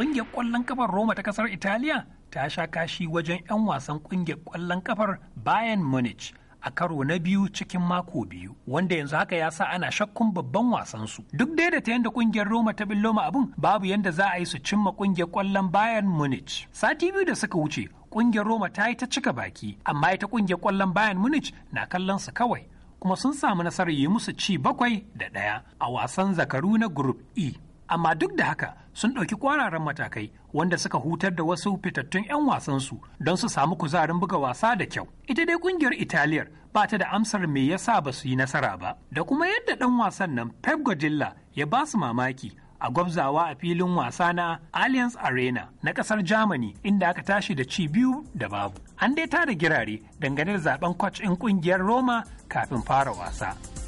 ƙungiyar ƙwallon kafar Roma ta ƙasar Italiya ta sha kashi wajen 'yan wasan ƙungiyar ƙwallon kafar Bayern Munich a karo na biyu cikin mako biyu wanda yanzu haka ya sa ana shakkun babban wasan su duk dai da ta yanda kungiyar Roma ta billoma abin babu yadda za a yi su cimma ƙungiyar kwallon Bayern Munich sati biyu da suka wuce ƙungiyar Roma ta yi ta cika baki amma ita ƙungiyar kwallon Bayern Munich na kallon su kawai kuma sun samu nasarar yi musu ci bakwai da ɗaya a wasan zakaru na group E amma duk da haka sun ɗauki kwararan matakai wanda suka hutar da wasu fitattun 'yan wasansu don su samu kuzarin buga wasa da kyau ita dai ƙungiyar italiyar ba ta da amsar me sa ba su yi nasara ba da kuma yadda ɗan wasan nan pep guardiola ya ba su mamaki a gwabzawa a filin wasa na Allianz Arena na ƙasar Germany inda aka tashi da ci biyu da babu. An dai tada girare dangane da zaben coach in ƙungiyar Roma kafin fara wasa.